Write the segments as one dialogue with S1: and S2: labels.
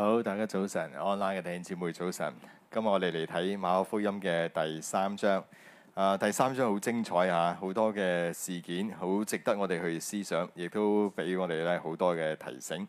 S1: 好，大家早晨 online 嘅弟兄姊妹早晨。今日我哋嚟睇馬可福音嘅第三章。啊，第三章好精彩啊，好多嘅事件，好值得我哋去思想，亦都俾我哋咧好多嘅提醒。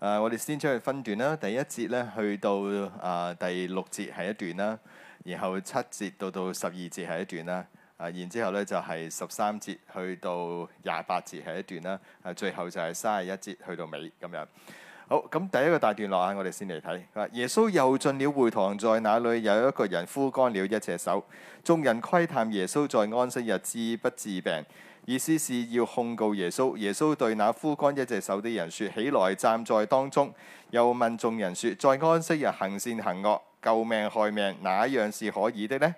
S1: 啊，我哋先出去分段啦。第一節咧，去到啊第六節係一段啦，然後七節到到十二節係一段啦。啊，然之後咧就係十三節去到廿八節係一段啦。啊，最後就係三十一節去到尾咁樣。今好咁，第一個大段落啊，我哋先嚟睇。佢話：耶穌又進了會堂，在那裏有一個人枯乾了一隻手。眾人窺探耶穌在安息日治不治病，意思是要控告耶穌。耶穌對那枯乾一隻手的人說：起來，站在當中。又問眾人說：說在安息日行善行惡、救命害命，哪樣是可以的呢？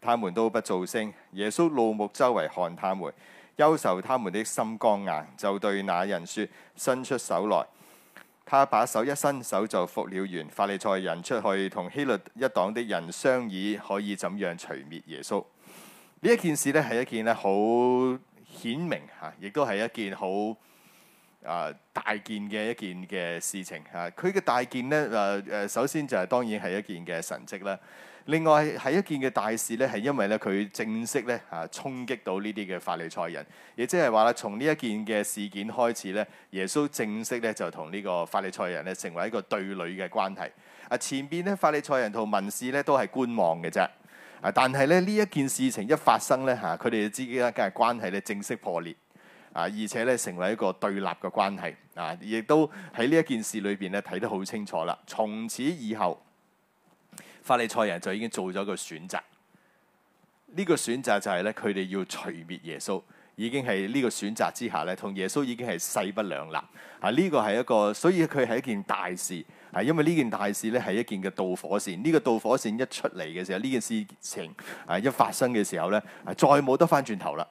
S1: 他們都不做聲。耶穌怒目周圍看他們，憂愁他們的心剛硬，就對那人說：伸出手來。他把手一伸，手就復了完。法利賽人出去同希律一黨的人商議，可以怎樣除滅耶穌。呢一件事呢，係一件咧好顯明嚇，亦都係一件好啊、呃、大件嘅一件嘅事情嚇。佢、啊、嘅大件呢，誒、呃、誒，首先就係、是、當然係一件嘅神蹟啦。啊另外係一件嘅大事咧，係因為咧佢正式咧嚇衝擊到呢啲嘅法利賽人，亦即係話啦，從呢一件嘅事件開始咧，耶穌正式咧就同呢個法利賽人咧成為一個對壘嘅關係。啊，前邊咧法利賽人同文士咧都係觀望嘅啫。啊，但係咧呢一件事情一發生咧嚇，佢哋之間嘅關係咧正式破裂啊，而且咧成為一個對立嘅關係啊，亦都喺呢一件事裏邊咧睇得好清楚啦。從此以後，法利賽人就已經做咗一個選擇，呢個選擇就係咧，佢哋要除滅耶穌，已經係呢個選擇之下咧，同耶穌已經係勢不兩立啊！呢個係一個，所以佢係一件大事，係因為呢件大事咧係一件嘅導火線。呢個導火線一出嚟嘅時候，呢件事情啊一發生嘅時候咧，啊再冇得翻轉頭啦。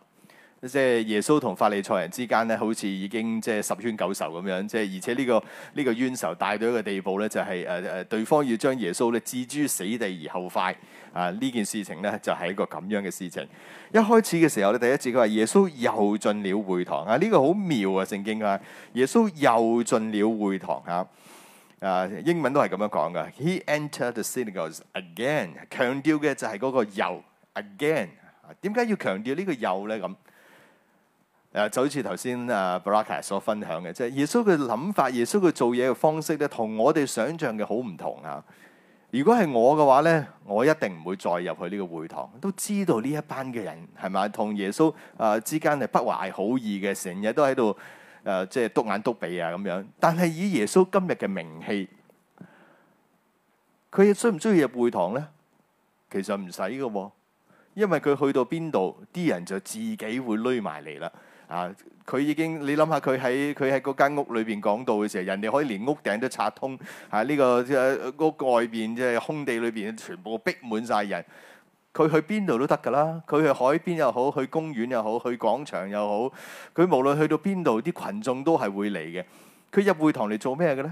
S1: 即係耶穌同法利賽人之間咧，好似已經即係十冤九仇咁樣。即係而且呢個呢個冤仇帶到一個地步咧，就係誒誒對方要將耶穌咧置諸死地而後快啊！呢件事情咧就係一個咁樣嘅事情。一開始嘅時候咧，第一次佢話耶穌又進了會堂啊！呢個好妙啊，聖經啊，耶穌又進了會堂嚇。啊，英文都係咁樣講㗎，He entered the synagogues again。強調嘅就係嗰個又 again、啊。點解要強調呢個又咧咁？誒就好似頭先 b 誒巴拉卡所分享嘅即係，耶穌嘅諗法、耶穌佢做嘢嘅方式咧，同我哋想象嘅好唔同啊！如果係我嘅話咧，我一定唔會再入去呢個會堂。都知道呢一班嘅人係咪同耶穌誒之間係不懷好意嘅，成日都喺度誒即係篤眼篤鼻啊咁樣。但係以耶穌今日嘅名氣，佢需唔需要入會堂咧？其實唔使嘅喎，因為佢去到邊度，啲人就自己會匿埋嚟啦。啊！佢已經你諗下，佢喺佢喺嗰間屋裏邊講道嘅時候，人哋可以連屋頂都拆通啊！呢、這個即係屋外邊即係空地裏邊，全部逼滿晒人。佢去邊度都得㗎啦！佢去海邊又好，去公園又好，去廣場又好，佢無論去到邊度，啲群眾都係會嚟嘅。佢入會堂嚟做咩嘅咧？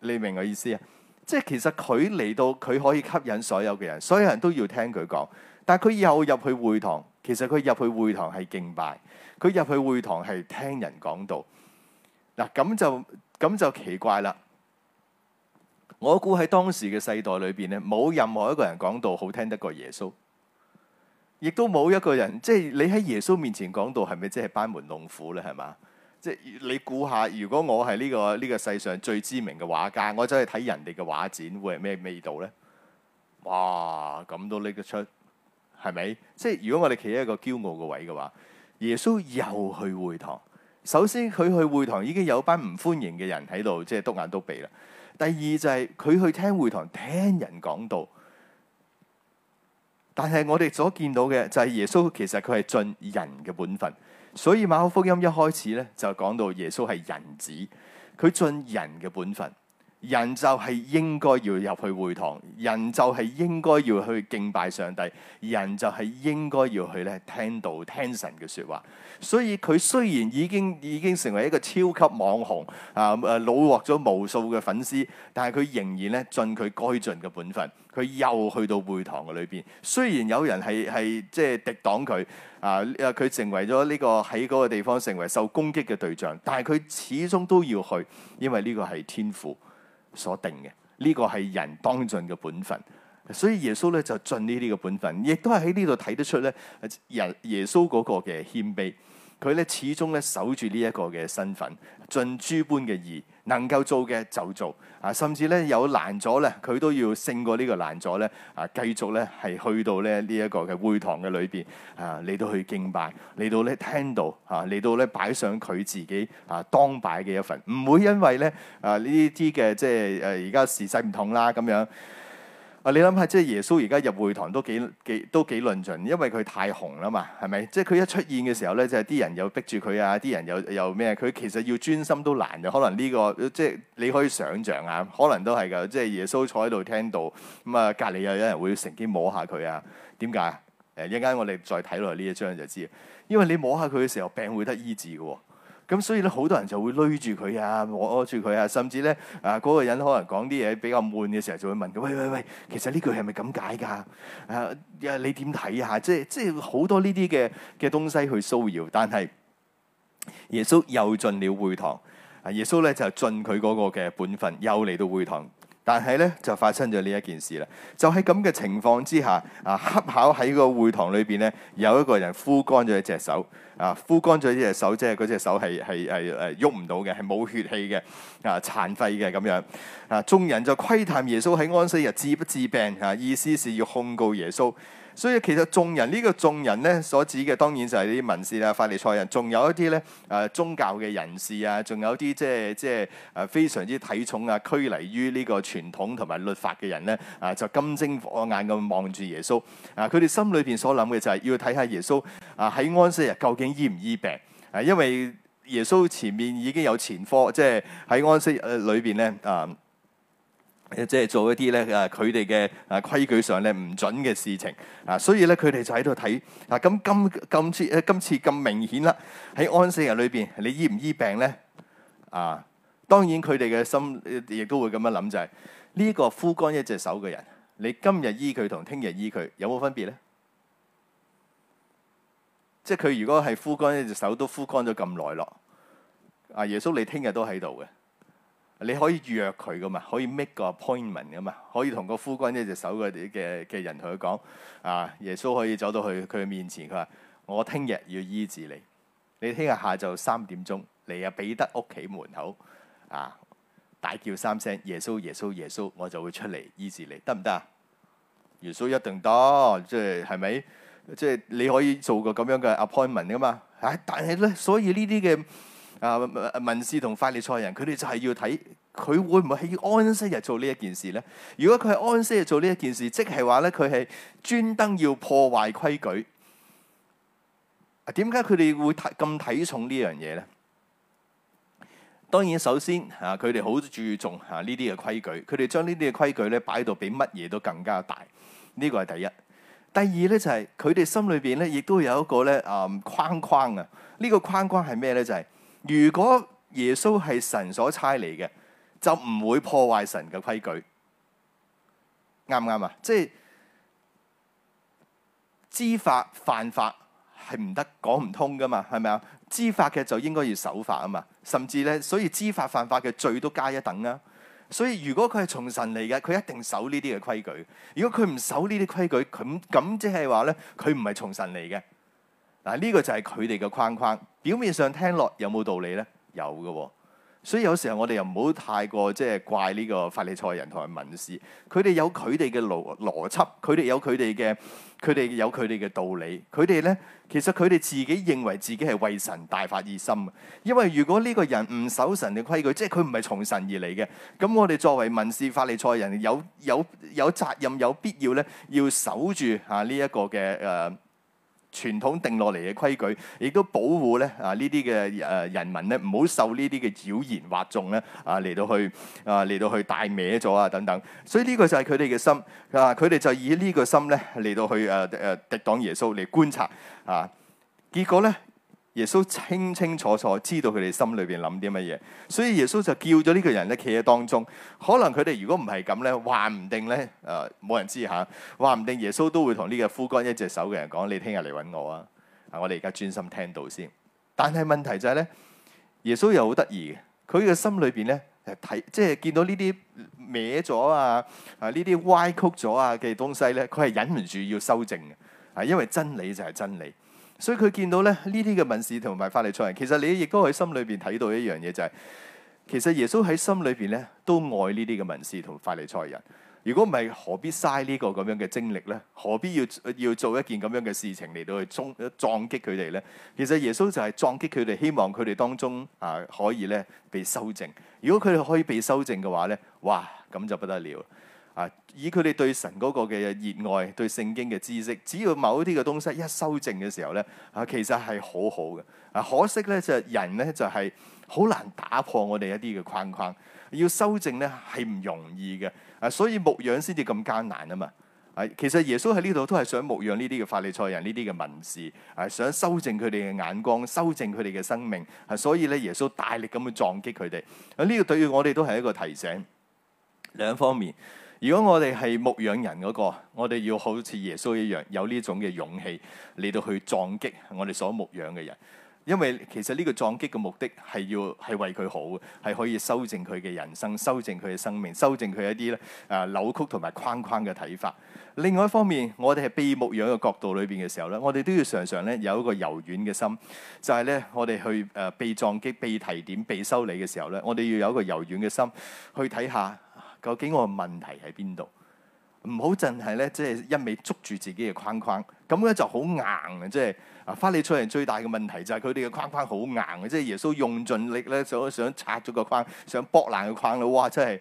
S1: 你明我意思啊？即係其實佢嚟到，佢可以吸引所有嘅人，所有人都要聽佢講。但係佢又入去會堂。其實佢入去會堂係敬拜，佢入去會堂係聽人講道。嗱，咁就咁就奇怪啦。我估喺當時嘅世代裏邊咧，冇任何一個人講道好聽得過耶穌，亦都冇一個人，即係你喺耶穌面前講道係咪即係班門弄斧咧？係嘛？即係你估下，如果我係呢個呢個世上最知名嘅畫家，我走去睇人哋嘅畫展，會係咩味道咧？哇！咁都拎得出。係咪？即係如果我哋企喺一個驕傲嘅位嘅話，耶穌又去會堂。首先佢去會堂已經有班唔歡迎嘅人喺度，即係篤眼篤鼻啦。第二就係、是、佢去聽會堂聽人講道，但係我哋所見到嘅就係耶穌其實佢係盡人嘅本分。所以馬可福音一開始咧就講到耶穌係人子，佢盡人嘅本分。人就係應該要入去會堂，人就係應該要去敬拜上帝，人就係應該要去咧聽道聽神嘅説話。所以佢雖然已經已經成為一個超級網紅啊，誒，擄獲咗無數嘅粉絲，但係佢仍然咧盡佢該盡嘅本分，佢又去到會堂嘅裏邊。雖然有人係係即係敵擋佢啊，誒，佢成為咗呢、這個喺嗰個地方成為受攻擊嘅對象，但係佢始終都要去，因為呢個係天父。所定嘅呢、這個係人當盡嘅本分，所以耶穌咧就盡呢啲嘅本分，亦都係喺呢度睇得出咧，人耶穌嗰個嘅謙卑，佢咧始終咧守住呢一個嘅身份，盡諸般嘅義。能夠做嘅就做啊！甚至咧有難咗咧，佢都要勝過呢個難咗咧啊！繼續咧係去到咧呢一個嘅會堂嘅裏邊啊，嚟到去敬拜，嚟到咧聽到啊，嚟到咧擺上佢自己啊當擺嘅一份，唔會因為咧啊呢啲嘅即係誒而家時勢唔同啦咁樣。啊！你諗下，即係耶穌而家入會堂都幾幾都幾論盡，因為佢太紅啦嘛，係咪？即係佢一出現嘅時候咧，即係啲人又逼住佢啊，啲人又又咩？佢其實要專心都難嘅，可能呢個即係你可以想像啊，可能都係噶。即係耶穌坐喺度聽到，咁啊，隔離又有人會乘機摸下佢啊？點解？誒，一陣間我哋再睇落呢一張就知，因為你摸下佢嘅時候，病會得醫治嘅喎。咁所以咧，好多人就會攣住佢啊，握住佢啊，甚至咧啊，嗰個人可能講啲嘢比較悶嘅時候，就會問佢：喂喂喂，其實呢句係咪咁解㗎？啊，你點睇啊？即係即係好多呢啲嘅嘅東西去騷擾，但係耶穌又進了會堂。啊，耶穌咧就盡佢嗰個嘅本分，又嚟到會堂。但係咧就發生咗呢一件事啦。就喺咁嘅情況之下，啊，恰巧喺個會堂裏邊咧，有一個人枯乾咗一隻手。啊，枯乾咗呢隻手，即係嗰隻手係係係誒喐唔到嘅，係冇血氣嘅，啊，殘廢嘅咁樣。啊，眾人就窺探耶穌喺安息日治不治病，嚇、啊、意思是要控告耶穌。所以其實眾人呢，這個眾人咧所指嘅當然就係啲文士啦、法利賽人，仲有一啲咧誒宗教嘅人士啊，仲有啲即係即係誒非常之睇重啊，拘泥於呢個傳統同埋律法嘅人咧啊，就金睛火眼咁望住耶穌啊！佢哋心裏邊所諗嘅就係要睇下耶穌啊喺安息日，啊、究竟醫唔醫病啊？因為耶穌前面已經有前科，即係喺安息誒裏邊咧啊。即係做一啲咧啊，佢哋嘅啊規矩上咧唔準嘅事情啊，所以咧佢哋就喺度睇啊，咁今今次啊今次咁明顯啦，喺安息日裏邊，你醫唔醫病咧啊？當然佢哋嘅心亦都會咁樣諗就係呢個枯乾一隻手嘅人，你今日醫佢同聽日醫佢有冇分別咧？即係佢如果係枯乾一隻手都枯乾咗咁耐咯，啊耶穌你聽日都喺度嘅。你可以約佢噶嘛，可以 make 個 appointment 噶嘛，可以同個夫君一隻手嘅嘅嘅人同佢講啊，耶穌可以走到去佢面前，佢話我聽日要醫治你，你聽日下晝三點鐘嚟阿彼得屋企門口啊，大叫三聲耶穌耶穌耶穌，我就會出嚟醫治你，得唔得啊？耶穌一定得，即係係咪？即係、就是、你可以做個咁樣嘅 appointment 噶嘛？唉、啊，但係咧，所以呢啲嘅。啊，文士同法利賽人，佢哋就係要睇佢會唔會喺安息日做呢一件事咧？如果佢喺安息日做呢一件事，即係話咧，佢係專登要破壞規矩。點解佢哋會睇咁睇重呢樣嘢咧？當然，首先吓佢哋好注重吓呢啲嘅規矩，佢哋將呢啲嘅規矩咧擺到比乜嘢都更加大。呢個係第一。第二咧就係佢哋心裏邊咧亦都有一個咧啊框框嘅、啊。呢、呢個框框係咩咧？就係、是如果耶穌係神所差嚟嘅，就唔會破壞神嘅規矩，啱唔啱啊？即係知法犯法係唔得，講唔通噶嘛？係咪啊？知法嘅就應該要守法啊嘛，甚至咧，所以知法犯法嘅罪都加一等啦啊。所以如果佢係從神嚟嘅，佢一定守呢啲嘅規矩。如果佢唔守呢啲規矩，咁咁即係話咧，佢唔係從神嚟嘅。嗱，呢個就係佢哋嘅框框。表面上聽落有冇道理呢？有嘅喎、哦。所以有時候我哋又唔好太過即係、就是、怪呢個法利賽人同埋民事，佢哋有佢哋嘅邏邏輯，佢哋有佢哋嘅，佢哋有佢哋嘅道理。佢哋呢，其實佢哋自己認為自己係為神大發熱心。因為如果呢個人唔守神嘅規矩，即係佢唔係從神而嚟嘅，咁我哋作為民事法利賽人，有有有責任，有必要呢，要守住啊呢一個嘅誒。呃傳統定落嚟嘅規矩，亦都保護咧啊呢啲嘅誒人民咧，唔好受呢啲嘅妖言惑眾咧啊嚟到去啊嚟到去帶歪咗啊等等，所以呢個就係佢哋嘅心啊，佢哋就以呢個心咧嚟到去誒誒、啊、敵擋耶穌嚟觀察啊，結果咧。耶穌清清楚楚知道佢哋心裏邊諗啲乜嘢，所以耶穌就叫咗呢個人咧企喺當中。可能佢哋如果唔係咁咧，話唔定咧，誒、呃、冇人知吓，話、啊、唔定耶穌都會同呢個枯乾一隻手嘅人講：你聽日嚟搵我啊！我哋而家專心聽到先。但係問題就係、是、咧，耶穌又好得意嘅，佢嘅心裏邊咧，睇即係見到呢啲歪咗啊啊呢啲歪曲咗啊嘅東西咧，佢係忍唔住要修正嘅，啊，因為真理就係真理。所以佢見到咧呢啲嘅文士同埋法利賽人，其實你亦都喺心裏邊睇到一樣嘢，就係，就係其實耶穌喺心裏邊咧都愛呢啲嘅文士同法利賽人。如果唔係，何必嘥呢個咁樣嘅精力咧？何必要要做一件咁樣嘅事情嚟到去衝撞擊佢哋咧？其實耶穌就係撞擊佢哋，希望佢哋當中啊可以咧被修正。如果佢哋可以被修正嘅話咧，哇，咁就不得了。啊！以佢哋對神嗰個嘅熱愛，對聖經嘅知識，只要某啲嘅東西一修正嘅時候咧，啊，其實係好好嘅。啊，可惜咧，就係人咧就係好難打破我哋一啲嘅框框，要修正咧係唔容易嘅啊。所以牧養先至咁艱難啊嘛。啊，其實耶穌喺呢度都係想牧養呢啲嘅法利賽人，呢啲嘅文士，啊，想修正佢哋嘅眼光，修正佢哋嘅生命。係所以咧，耶穌大力咁去撞擊佢哋啊。呢個對於我哋都係一個提醒，兩方面。如果我哋係牧養人嗰個，我哋要好似耶穌一樣，有呢種嘅勇氣嚟到去撞擊我哋所牧養嘅人。因為其實呢個撞擊嘅目的係要係為佢好，係可以修正佢嘅人生、修正佢嘅生命、修正佢一啲咧啊扭曲同埋框框嘅睇法。另外一方面，我哋係被牧養嘅角度裏邊嘅時候咧，我哋都要常常咧有一個柔軟嘅心，就係咧我哋去誒被撞擊、被提點、被修理嘅時候咧，我哋要有一個柔軟嘅心去睇下。究竟我問題喺邊度？唔好淨係咧，即係一味捉住自己嘅框框，咁樣就好硬啊！即係啊，翻嚟出嚟最大嘅問題就係佢哋嘅框框好硬嘅，即係耶穌用盡力咧，想想拆咗個框，想剝爛個框咧，哇！真係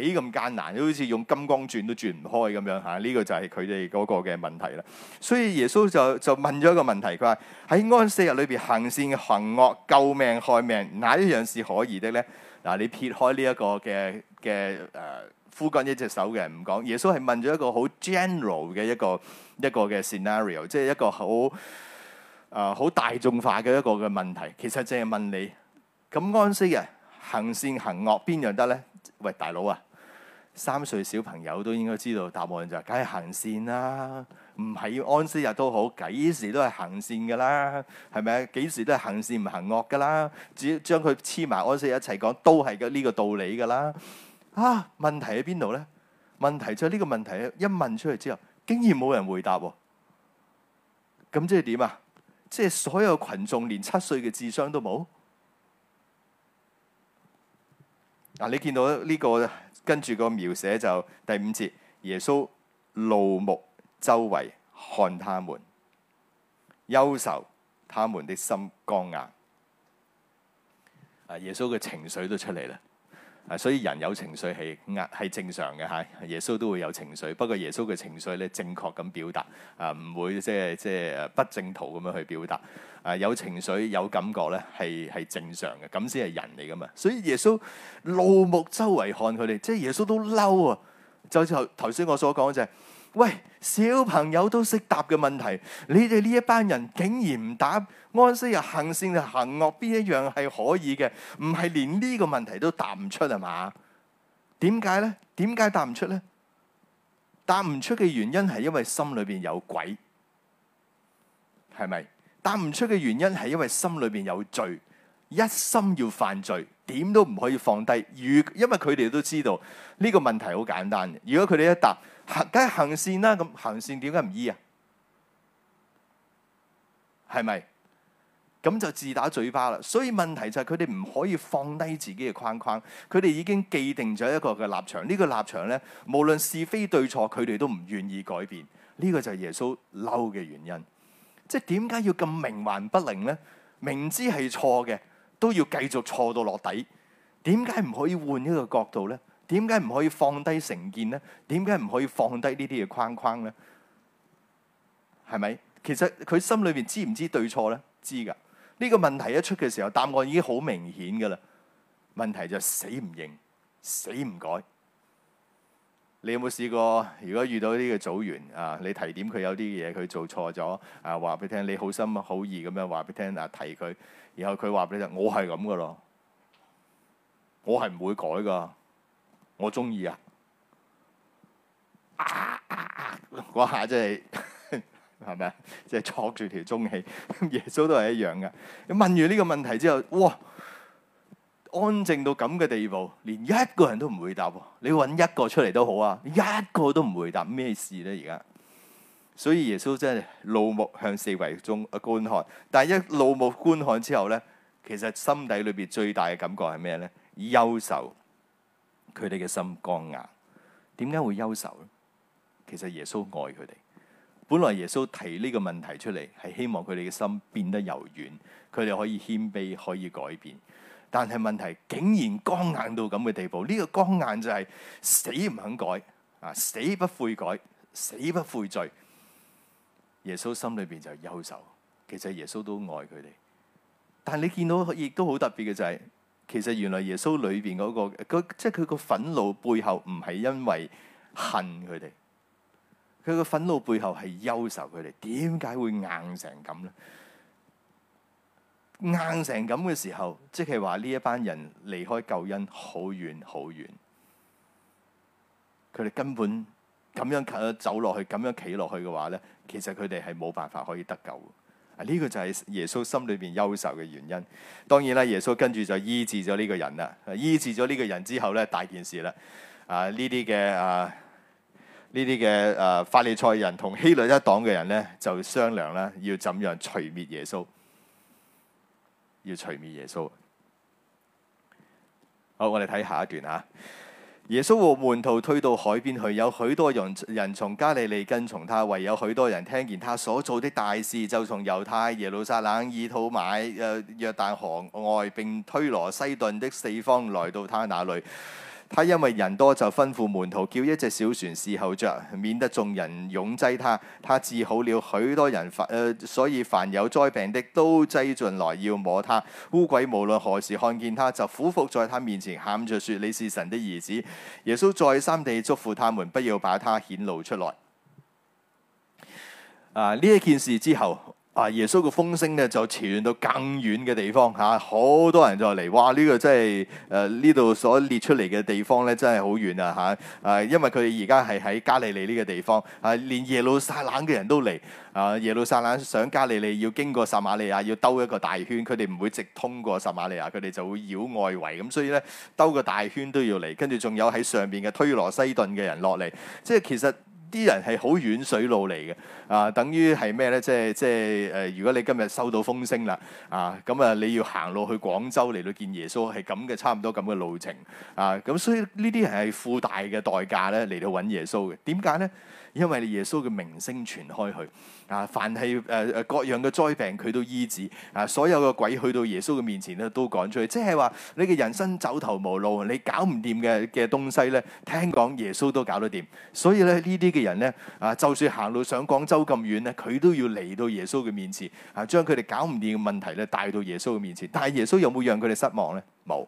S1: 幾咁艱難，好似用金剛鑽都轉唔開咁樣嚇。呢個就係佢哋嗰個嘅問題啦。所以耶穌就就問咗一個問題，佢話喺安息日裏邊行善行惡救命害命，哪一樣是可以的咧？嗱，你撇開呢一個嘅。嘅誒，枯、啊、乾一隻手嘅人唔講，耶穌係問咗一個好 general 嘅一個一個嘅 scenario，即係一個好誒好大眾化嘅一個嘅問題。其實淨係問你咁安息日行善行惡邊樣得咧？喂，大佬啊，三歲小朋友都應該知道答案就梗、是、係行善啦、啊，唔係要安息日都好，幾時都係行善噶啦，係咪啊？幾時都係行善唔行惡噶啦？只將佢黐埋安息日一齊講，都係嘅呢個道理噶啦。啊！問題喺邊度呢？問題就係呢個問題一問出嚟之後，竟然冇人回答喎、哦。咁即係點啊？即係所有群眾連七歲嘅智商都冇。嗱、啊，你見到呢、呢個跟住個描寫就第五節，耶穌怒目周圍看他們，憂愁他們的心剛硬。啊，耶穌嘅情緒都出嚟啦。啊，所以人有情緒係壓係正常嘅嚇。耶穌都會有情緒，不過耶穌嘅情緒咧正確咁表達啊，唔會即係即係不正途咁樣去表達。啊，有情緒有感覺咧係係正常嘅，咁先係人嚟噶嘛。所以耶穌怒目周圍看佢哋，即係耶穌都嬲啊！就好似頭頭先我所講就係，喂，小朋友都識答嘅問題，你哋呢一班人竟然唔答？安息日行善定行惡，邊一樣係可以嘅？唔係連呢個問題都答唔出係嘛？點解呢？點解答唔出呢？答唔出嘅原因係因為心裏邊有鬼，係咪？答唔出嘅原因係因為心裏邊有罪，一心要犯罪，點都唔可以放低。如因為佢哋都知道呢個問題好簡單嘅，如果佢哋一答。行梗係行線啦，啊，咁行線點解唔醫啊？係咪？咁就自打嘴巴啦。所以問題就係佢哋唔可以放低自己嘅框框，佢哋已經既定咗一個嘅立場。呢，這個立場咧，無論是非對錯，佢哋都唔願意改變。呢，這個就係耶穌嬲嘅原因。即係點解要咁冥頑不靈咧？明知係錯嘅，都要繼續錯到落底。點解唔可以換一個角度咧？點解唔可以放低成見呢？點解唔可以放低呢啲嘅框框呢？係咪？其實佢心裏面知唔知對錯呢？知噶。呢個問題一出嘅時候，答案已經好明顯噶啦。問題就死唔認，死唔改。你有冇試過？如果遇到呢個組員啊，你提點佢有啲嘢佢做錯咗啊，話俾聽你好心好意咁樣話俾聽啊提佢，然後佢話俾你聽我係咁噶咯，我係唔會改噶。我中意啊！嗰下真係，係咪啊？即係坐住條中氣，耶穌都係一樣㗎。你問完呢個問題之後，哇！安靜到咁嘅地步，連一個人都唔回答喎。你搵一個出嚟都好啊，一個都唔回答，咩事呢？而家，所以耶穌真係怒目向四圍中觀看，但係一怒目觀看之後呢，其實心底裏邊最大嘅感覺係咩呢？憂愁。佢哋嘅心剛硬，點解會憂愁咧？其實耶穌愛佢哋，本來耶穌提呢個問題出嚟，係希望佢哋嘅心變得柔軟，佢哋可以謙卑，可以改變。但係問題竟然剛硬到咁嘅地步，呢、這個剛硬就係死唔肯改啊，死不悔改，死不悔罪。耶穌心裏邊就憂愁，其實耶穌都愛佢哋，但你見到亦都好特別嘅就係、是。其實原來耶穌裏邊嗰、那個，即係佢個憤怒背後唔係因為恨佢哋，佢個憤怒背後係憂愁佢哋。點解會硬成咁呢？硬成咁嘅時候，即係話呢一班人離開救恩好遠好遠，佢哋根本咁樣走落去，咁樣企落去嘅話呢，其實佢哋係冇辦法可以得救。呢個就係耶穌心裏邊憂愁嘅原因。當然啦，耶穌跟住就醫治咗呢個人啦。醫治咗呢個人之後咧，大件事啦。啊！呢啲嘅啊，呢啲嘅啊，法利賽人同希律一黨嘅人咧，就商量啦，要怎樣除滅耶穌，要除滅耶穌。好，我哋睇下一段吓。耶穌和門徒推到海邊去，有許多人人從加利利跟從他，唯有許多人聽見他所做的大事，就從猶太、耶路撒冷、以土買、誒約但河外並推羅、西頓的四方來到他那裏。他因為人多，就吩咐門徒叫一隻小船侍候着，免得眾人擁擠他。他治好了許多人、呃，所以凡有災病的都擠進來要摸他。污鬼無論何時看見他，就俯伏在他面前喊着說：「你是神的兒子。」耶穌再三地囑咐他們，不要把他顯露出來。啊！呢一件事之後。啊！耶穌嘅風聲咧就傳到更遠嘅地方嚇，好、啊、多人就嚟。哇！呢、這個真係誒呢度所列出嚟嘅地方咧，真係好遠啊嚇！誒、啊，因為佢哋而家係喺加利利呢個地方，誒、啊、連耶路撒冷嘅人都嚟。啊，耶路撒冷想加利利要經過撒瑪利亞，要兜一個大圈，佢哋唔會直通過撒瑪利亞，佢哋就會繞外圍。咁、啊、所以咧，兜個大圈都要嚟，跟住仲有喺上邊嘅推羅西頓嘅人落嚟。即係其實。啲人係好遠水路嚟嘅啊，等於係咩咧？即係即係誒、呃，如果你今日收到風聲啦啊，咁啊你要行路去廣州嚟到見耶穌，係咁嘅，差唔多咁嘅路程啊，咁所以呢啲人係付大嘅代價咧嚟到搵耶穌嘅，點解咧？因為耶穌嘅名聲傳開去，啊，凡係誒誒各樣嘅災病，佢都醫治；啊，所有嘅鬼去到耶穌嘅面前咧，都趕出去，即係話你嘅人生走投無路，你搞唔掂嘅嘅東西咧，聽講耶穌都搞得掂。所以咧呢啲嘅人咧，啊，就算行路上廣州咁遠咧，佢都要嚟到耶穌嘅面前，啊，將佢哋搞唔掂嘅問題咧，帶到耶穌嘅面前。但係耶穌有冇讓佢哋失望咧？冇。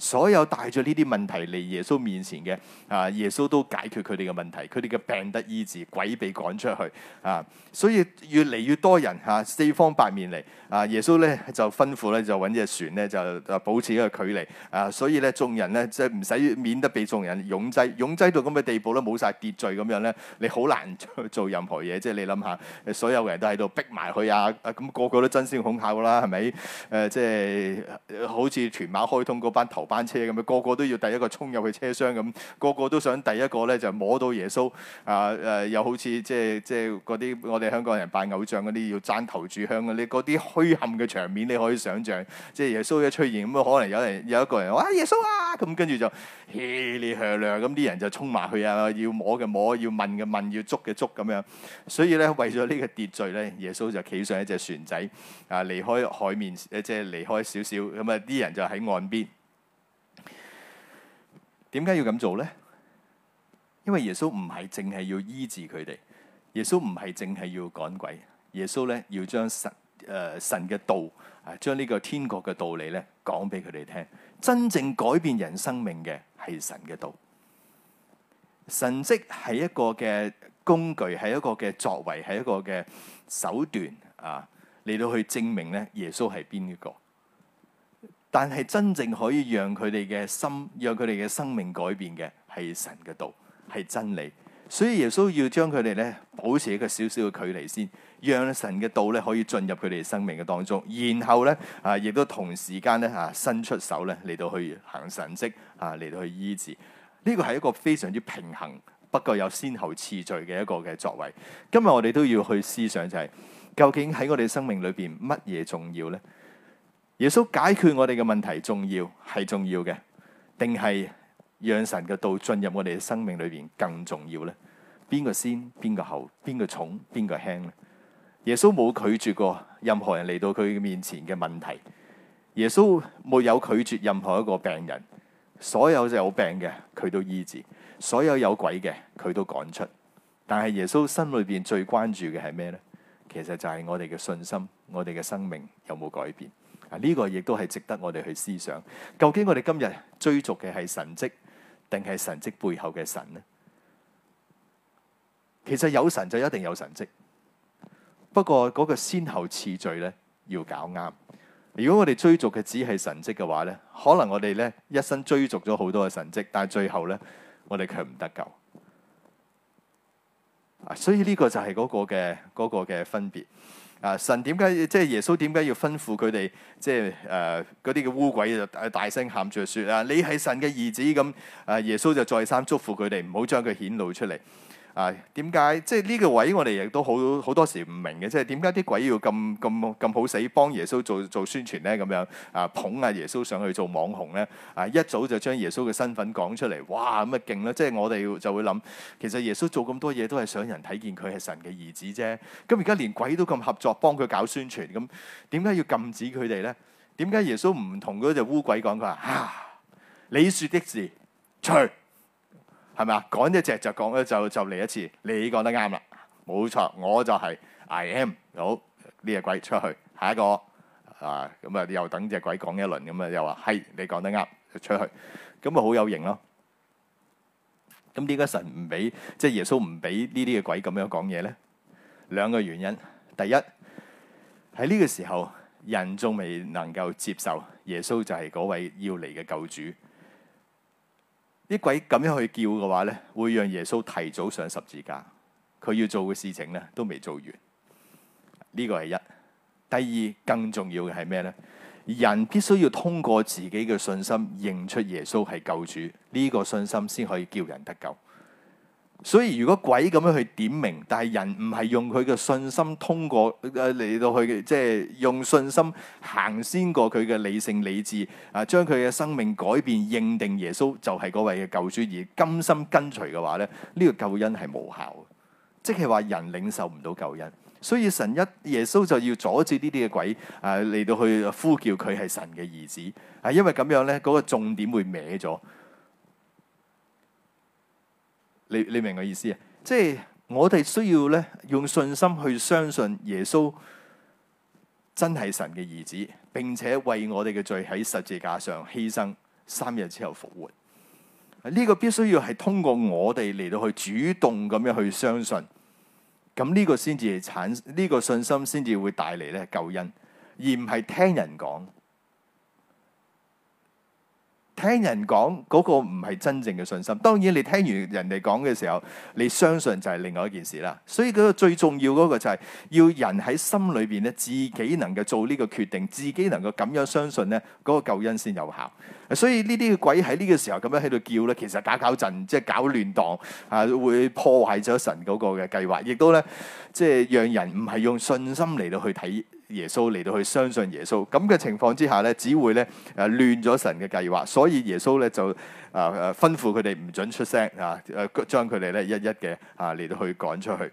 S1: 所有帶着呢啲問題嚟耶穌面前嘅啊，耶穌都解決佢哋嘅問題，佢哋嘅病得醫治，鬼被趕出去啊！所以越嚟越多人嚇、啊、四方八面嚟啊，耶穌咧就吩咐咧就搵隻船咧就保持一個距離啊，所以咧眾人咧即係唔使免得被眾人擁擠，擁擠到咁嘅地步咧，冇晒秩序咁樣咧，你好難做任何嘢。即係你諗下，所有人都喺度逼埋佢啊，咁、啊啊、個個都爭先恐後啦，係咪？誒、啊、即係好似屯馬開通嗰班頭。班車咁樣，個個都要第一個衝入去車廂咁，個個都想第一個咧就摸到耶穌啊！誒、呃呃，又好似即係即係嗰啲我哋香港人拜偶像嗰啲，要爭頭柱香嗰啲，嗰啲虛冚嘅場面，你可以想象，即係耶穌一出現，咁啊可能有人有一個人話：啊，耶穌啊！咁跟住就唏哩呵涼！咁啲人就衝埋去啊，要摸嘅摸，要問嘅問，要捉嘅捉，咁樣。所以咧，為咗呢個秩序咧，耶穌就企上一隻船仔啊，呃，離開海面，即係離開少少，咁啊啲人就喺岸邊。點解要咁做呢？因為耶穌唔係淨係要醫治佢哋，耶穌唔係淨係要趕鬼，耶穌咧要將神誒、呃、神嘅道啊，將呢個天國嘅道理咧講俾佢哋聽。真正改變人生命嘅係神嘅道，神蹟係一個嘅工具，係一個嘅作為，係一個嘅手段啊，嚟到去證明咧耶穌係邊一個。但係真正可以讓佢哋嘅心，讓佢哋嘅生命改變嘅係神嘅道，係真理。所以耶穌要將佢哋咧保持一個少少嘅距離先，讓神嘅道咧可以進入佢哋生命嘅當中。然後咧啊，亦都同時間咧啊，伸出手咧嚟到去行神跡啊，嚟到去醫治。呢、這個係一個非常之平衡，不過有先後次序嘅一個嘅作為。今日我哋都要去思想，就是，就係究竟喺我哋生命裏邊乜嘢重要咧？耶穌解決我哋嘅問題重要係重要嘅，定係讓神嘅道進入我哋嘅生命裏邊更重要呢？邊個先？邊個後？邊個重？邊個輕呢？耶穌冇拒絕過任何人嚟到佢面前嘅問題。耶穌沒有拒絕任何一個病人，所有有病嘅佢都醫治，所有有鬼嘅佢都趕出。但係耶穌心裏邊最關注嘅係咩呢？其實就係我哋嘅信心，我哋嘅生命有冇改變。呢個亦都係值得我哋去思想，究竟我哋今日追逐嘅係神蹟，定係神蹟背後嘅神呢？其實有神就一定有神蹟，不過嗰個先後次序咧要搞啱。如果我哋追逐嘅只係神蹟嘅話咧，可能我哋咧一生追逐咗好多嘅神蹟，但係最後咧我哋卻唔得救。所以呢個就係嗰個嘅嗰個嘅、嗰個嘅、分別。啊！神點解，即係耶穌點解要吩咐佢哋，即係誒嗰啲嘅污鬼就大聲喊住説，啊！你係神嘅兒子咁啊！耶穌就再三囑咐佢哋，唔好將佢顯露出嚟。啊，點解即係呢個位我哋亦都好好多時唔明嘅，即係點解啲鬼要咁咁咁好死幫耶穌做做宣傳咧？咁樣啊，捧啊耶穌上去做網紅咧，啊一早就將耶穌嘅身份講出嚟，哇咁啊勁啦！即係我哋就會諗，其實耶穌做咁多嘢都係想人睇見佢係神嘅兒子啫。咁而家連鬼都咁合作幫佢搞宣傳，咁點解要禁止佢哋咧？點解耶穌唔同嗰隻污鬼講佢話啊？你説的事。」除。係咪啊？講一隻就講一隻就講一隻就就嚟一次。你講得啱啦，冇錯。我就係、是、I am 好呢隻鬼出去。下一個啊，咁啊又等隻鬼講一輪咁啊又話係你講得啱出去。咁啊好有型咯、啊。咁點解神唔俾即係耶穌唔俾呢啲嘅鬼咁樣講嘢咧？兩個原因。第一喺呢個時候，人仲未能夠接受耶穌就係嗰位要嚟嘅救主。啲鬼咁樣去叫嘅話呢，會讓耶穌提早上十字架，佢要做嘅事情呢，都未做完。呢個係一。第二，更重要嘅係咩呢？人必須要通過自己嘅信心認出耶穌係救主，呢個信心先可以叫人得救。所以如果鬼咁樣去點名，但係人唔係用佢嘅信心通過誒嚟、呃、到去，即、就、係、是、用信心行先過佢嘅理性理智，啊將佢嘅生命改變，認定耶穌就係嗰位嘅救主而甘心跟隨嘅話咧，呢、這個救恩係無效嘅，即係話人領受唔到救恩。所以神一耶穌就要阻止呢啲嘅鬼誒嚟、啊、到去呼叫佢係神嘅兒子，啊因為咁樣咧嗰、那個重點會歪咗。你你明我意思啊？即係我哋需要咧用信心去相信耶穌真係神嘅兒子，並且為我哋嘅罪喺十字架上犧牲三日之後復活。呢個必須要係通過我哋嚟到去主動咁樣去相信，咁呢個先至產呢個信心，先至會帶嚟咧救恩，而唔係聽人講。聽人講嗰個唔係真正嘅信心，當然你聽完人哋講嘅時候，你相信就係另外一件事啦。所以嗰個最重要嗰個就係要人喺心裏邊咧，自己能夠做呢個決定，自己能夠咁樣相信咧，嗰個救恩先有效。所以呢啲鬼喺呢個時候咁樣喺度叫咧，其實搞搞震，即係搞亂檔啊，會破壞咗神嗰個嘅計劃，亦都咧即係讓人唔係用信心嚟到去睇。耶穌嚟到去相信耶穌，咁嘅情況之下咧，只會咧誒亂咗神嘅計劃，所以耶穌咧就誒誒、呃呃、吩咐佢哋唔准出聲啊，誒將佢哋咧一一嘅啊嚟到去趕出去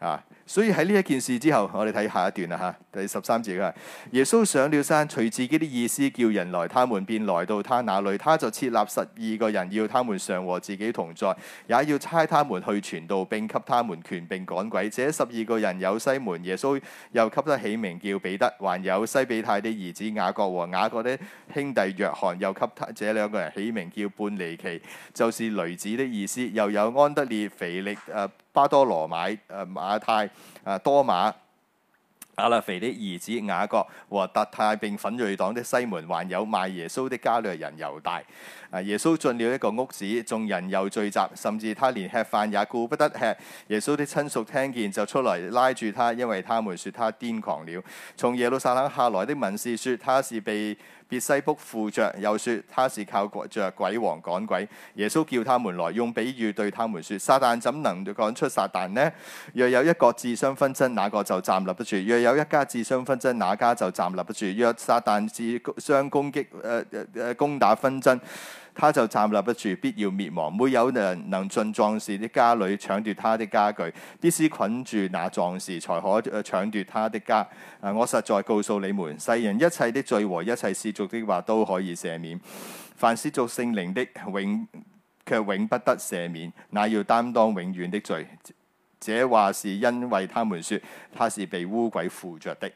S1: 啊。所以喺呢一件事之後，我哋睇下一段啦嚇，第十三節啊。耶穌上了山，隨自己啲意思叫人來，他們便來到他那裏。他就設立十二個人，要他們常和自己同在，也要差他們去傳道並給他們權並趕鬼。這十二個人有西門，耶穌又給他起名叫彼得；還有西庇太的兒子雅各和雅各的兄弟約翰，又給他這兩個人起名叫半尼其，就是雷子的意思。又有安德烈、腓力、誒、呃。巴多羅買、誒、啊、馬太、誒、啊、多馬、亞勒腓啲兒子雅各和達太並奮銳黨的西門，還有賣耶穌的加略人猶大。誒、啊、耶穌進了一個屋子，眾人又聚集，甚至他連吃飯也顧不得吃。耶穌的親屬聽見就出來拉住他，因為他們說他癲狂了。從耶路撒冷下來的文士說他是被別西卜附着，又說他是靠著鬼王趕鬼。耶穌叫他們來，用比喻對他們說：撒旦怎能趕出撒旦呢？若有一國自相紛爭，那個就站立不住；若有一家自相紛爭，那家就站立不住。若撒旦自相攻擊，誒、呃、誒、呃、攻打紛爭。他就站立不住，必要滅亡。沒有人能進壯士的家裏搶奪他的家具，必須捆住那壯士，才可搶奪他的家。我實在告訴你們，世人一切的罪和一切世俗的話都可以赦免，凡屬聖靈的永卻永不得赦免，乃要擔當永遠的罪。這話是因為他們說他是被污鬼附着的。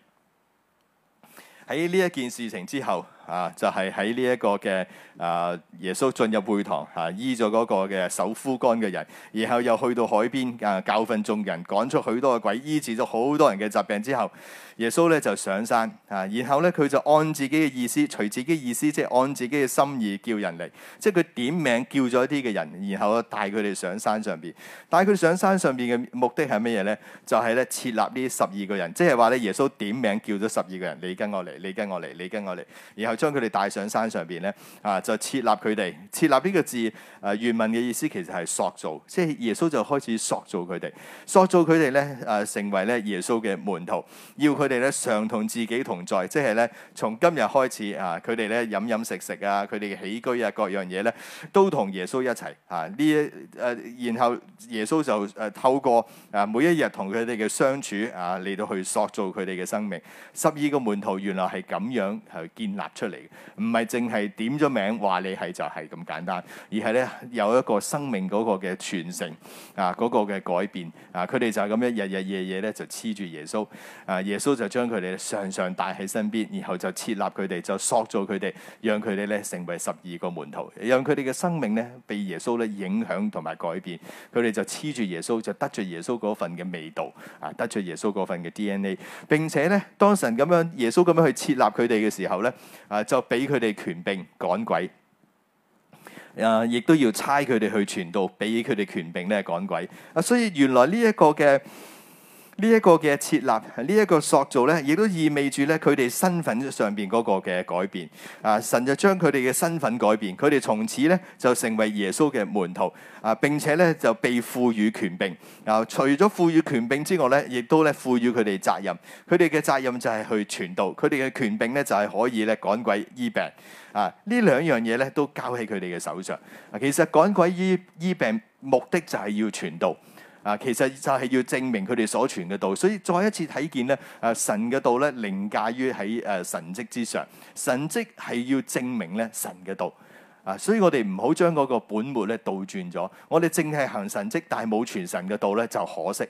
S1: 喺呢一件事情之後。啊，就係喺呢一個嘅啊，耶穌進入會堂啊，醫咗嗰個嘅手枯乾嘅人，然後又去到海邊啊，教訓眾人，趕出許多嘅鬼，醫治咗好多人嘅疾病之後，耶穌咧就上山啊，然後咧佢就按自己嘅意思，隨自己意思，即係按自己嘅心意叫人嚟，即係佢點名叫咗一啲嘅人，然後帶佢哋上山上邊，帶佢上山上邊嘅目的係乜嘢咧？就係咧設立呢十二個人，即係話咧耶穌點名叫咗十二個人，你跟我嚟，你跟我嚟，你跟我嚟，然後。將佢哋帶上山上邊咧，啊，就設立佢哋設立呢個字，誒、啊，原文嘅意思其實係塑造，即係、就是、耶穌就開始塑造佢哋，塑造佢哋咧，誒、啊，成為咧耶穌嘅門徒，要佢哋咧常同自己同在，即係咧從今日開始啊，佢哋咧飲飲食食啊，佢哋嘅起居啊，各樣嘢咧都同耶穌一齊啊，呢，誒、啊，然後耶穌就誒、啊、透過啊每一日同佢哋嘅相處啊嚟到去塑造佢哋嘅生命，十二個門徒原來係咁樣去建立出嚟，唔係淨係點咗名話你係就係咁簡單，而係咧有一個生命嗰個嘅傳承啊，嗰個嘅改變啊，佢哋就係咁樣日日夜夜咧就黐住耶穌啊，耶穌就將佢哋常常帶喺身邊，然後就設立佢哋，就塑造佢哋，讓佢哋咧成為十二個門徒，讓佢哋嘅生命咧被耶穌咧影響同埋改變，佢哋就黐住耶穌，就得住耶穌嗰份嘅味道啊，得住耶穌嗰份嘅 DNA，並且咧當神咁樣耶穌咁樣去設立佢哋嘅時候咧。啊啊！就俾佢哋權柄趕鬼，啊、呃！亦都要差佢哋去傳道，俾佢哋權柄咧趕鬼。啊！所以原來呢一個嘅。呢一個嘅設立，呢一個塑造呢，亦都意味住呢，佢哋身份上邊嗰個嘅改變。啊，神就將佢哋嘅身份改變，佢哋從此呢，就成為耶穌嘅門徒。啊，並且呢，就被賦予權柄。嗱，除咗賦予權柄之外呢，亦都呢，賦予佢哋責任。佢哋嘅責任就係去傳道。佢哋嘅權柄呢，就係可以咧趕鬼醫病。啊，呢兩樣嘢呢，都交喺佢哋嘅手上。啊，其實趕鬼醫醫病目的就係要傳道。啊，其實就係要證明佢哋所傳嘅道，所以再一次睇見咧，誒神嘅道咧凌駕於喺誒神蹟之上，神蹟係要證明咧神嘅道。啊，所以我哋唔好將嗰個本末咧倒轉咗，我哋淨係行神蹟，但係冇傳神嘅道咧就可惜。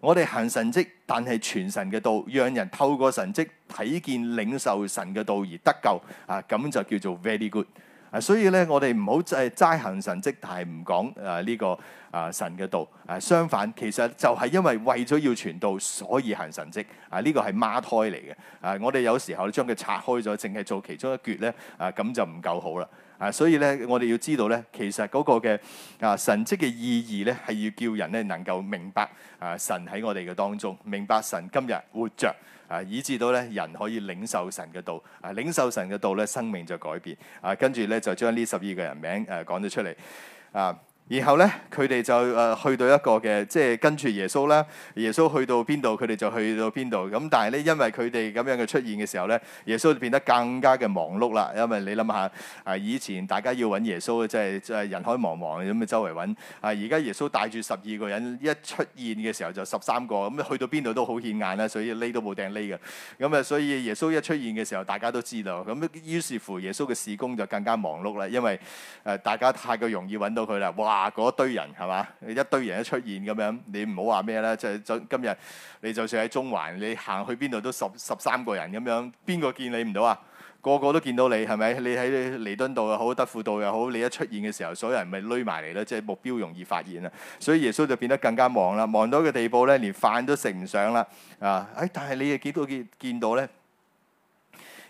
S1: 我哋行神蹟，但係傳神嘅道，讓人透過神蹟睇見、領受神嘅道而得救。啊，咁就叫做 very good。所以咧，我哋唔好就齋行神跡，但係唔講啊呢、這個啊神嘅道、啊。相反，其實就係因為為咗要傳道，所以行神跡。啊，呢、這個係孖胎嚟嘅。啊，我哋有時候將佢拆開咗，淨係做其中一橛咧。啊，咁、啊、就唔夠好啦。啊，所以咧，我哋要知道咧，其實嗰個嘅啊神跡嘅意義咧，係要叫人咧能夠明白啊神喺我哋嘅當中，明白神今日活着。啊，以致到咧人可以領受神嘅道，啊領受神嘅道咧生命就改變，啊跟住咧就將呢十二個人名誒、呃、講咗出嚟，啊。然後咧，佢哋就誒、呃、去到一個嘅，即係跟住耶穌啦。耶穌去到邊度，佢哋就去到邊度。咁、嗯、但係咧，因為佢哋咁樣嘅出現嘅時候咧，耶穌就變得更加嘅忙碌啦。因為你諗下，誒、啊、以前大家要揾耶穌，即係誒人海茫茫咁樣周圍揾。誒而家耶穌帶住十二個人一出現嘅時候就十三個，咁、嗯、去到邊度都好顯眼啦，所以匿都冇掟匿嘅。咁、嗯、啊，所以耶穌一出現嘅時候，大家都知道。咁、嗯、於是乎，耶穌嘅事工就更加忙碌啦，因為誒、呃、大家太過容易揾到佢啦。哇！下嗰堆人係嘛，一堆人一出現咁樣，你唔好話咩咧？就就係，今日你就算喺中環，你行去邊度都十十三個人咁樣，邊個見你唔到啊？個個都見到你係咪？你喺彌敦道又好，德輔道又好，你一出現嘅時候，所有人咪攆埋嚟咧，即係目標容易發現啊！所以耶穌就變得更加忙啦，忙到嘅地步咧，連飯都食唔上啦啊！誒，但係你又見到見見到咧。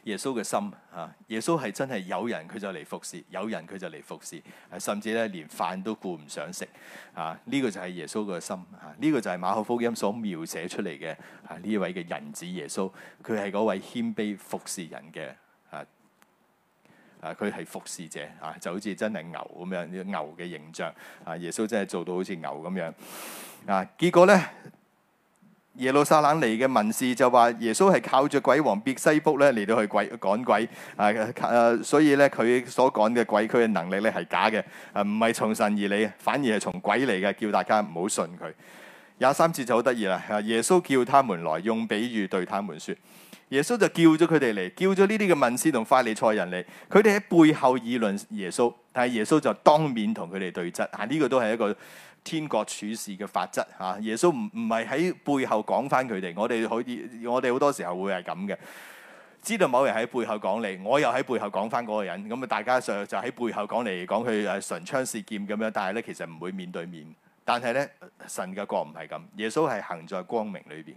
S1: 耶穌嘅心啊，耶穌係真係有人佢就嚟服侍，有人佢就嚟服侍，甚至咧連飯都顧唔上食啊！呢個就係耶穌嘅心啊！呢個就係馬可福音所描寫出嚟嘅啊！呢位嘅人子耶穌，佢係嗰位謙卑服侍人嘅啊，佢係、啊、服侍者啊，就好似真係牛咁樣，呢個牛嘅形象啊！耶穌真係做到好似牛咁樣啊！結果呢。耶路撒冷嚟嘅文士就話耶穌係靠住鬼王別西卜咧嚟到去鬼趕鬼，啊誒、啊，所以咧佢所講嘅鬼區嘅能力咧係假嘅，誒唔係從神而嚟，反而係從鬼嚟嘅，叫大家唔好信佢。廿三節就好得意啦，耶穌叫他們來用比喻對他們說，耶穌就叫咗佢哋嚟，叫咗呢啲嘅文士同法利賽人嚟，佢哋喺背後議論耶穌，但係耶穌就當面同佢哋對質，啊呢、這個都係一個。天國處事嘅法則嚇、啊，耶穌唔唔係喺背後講翻佢哋。我哋可以，我哋好多時候會係咁嘅，知道某人喺背後講你，我又喺背後講翻嗰個人，咁啊大家就就喺背後講嚟講去，誒、啊、唇槍舌劍咁樣，但係咧其實唔會面對面，但係咧神嘅國唔係咁，耶穌係行在光明裏邊，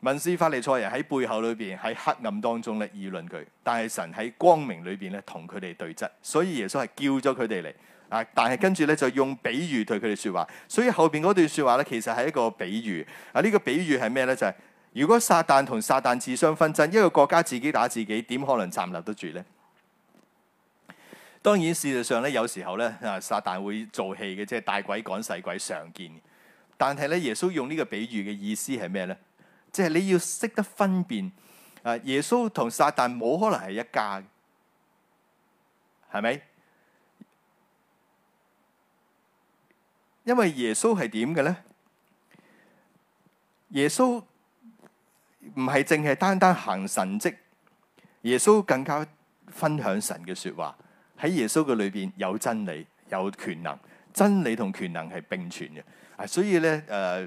S1: 文士法利賽人喺背後裏邊喺黑暗當中咧議論佢，但係神喺光明裏邊咧同佢哋對質，所以耶穌係叫咗佢哋嚟。啊！但係跟住咧就用比喻對佢哋說話，所以後邊嗰段說話咧，其實係一個比喻。啊，呢個比喻係咩呢？就係如果撒旦同撒旦自相分爭，一個國家自己打自己，點可能站立得住呢？當然事實上咧，有時候咧啊，撒旦會做戲嘅，即係大鬼趕細鬼，常見。但係咧，耶穌用呢個比喻嘅意思係咩呢？即係你要識得分辨。啊，耶穌同撒旦冇可能係一家，係咪？因為耶穌係點嘅咧？耶穌唔係淨係單單行神跡，耶穌更加分享神嘅說話。喺耶穌嘅裏邊有真理，有權能，真理同權能係並存嘅。所以咧，誒、呃，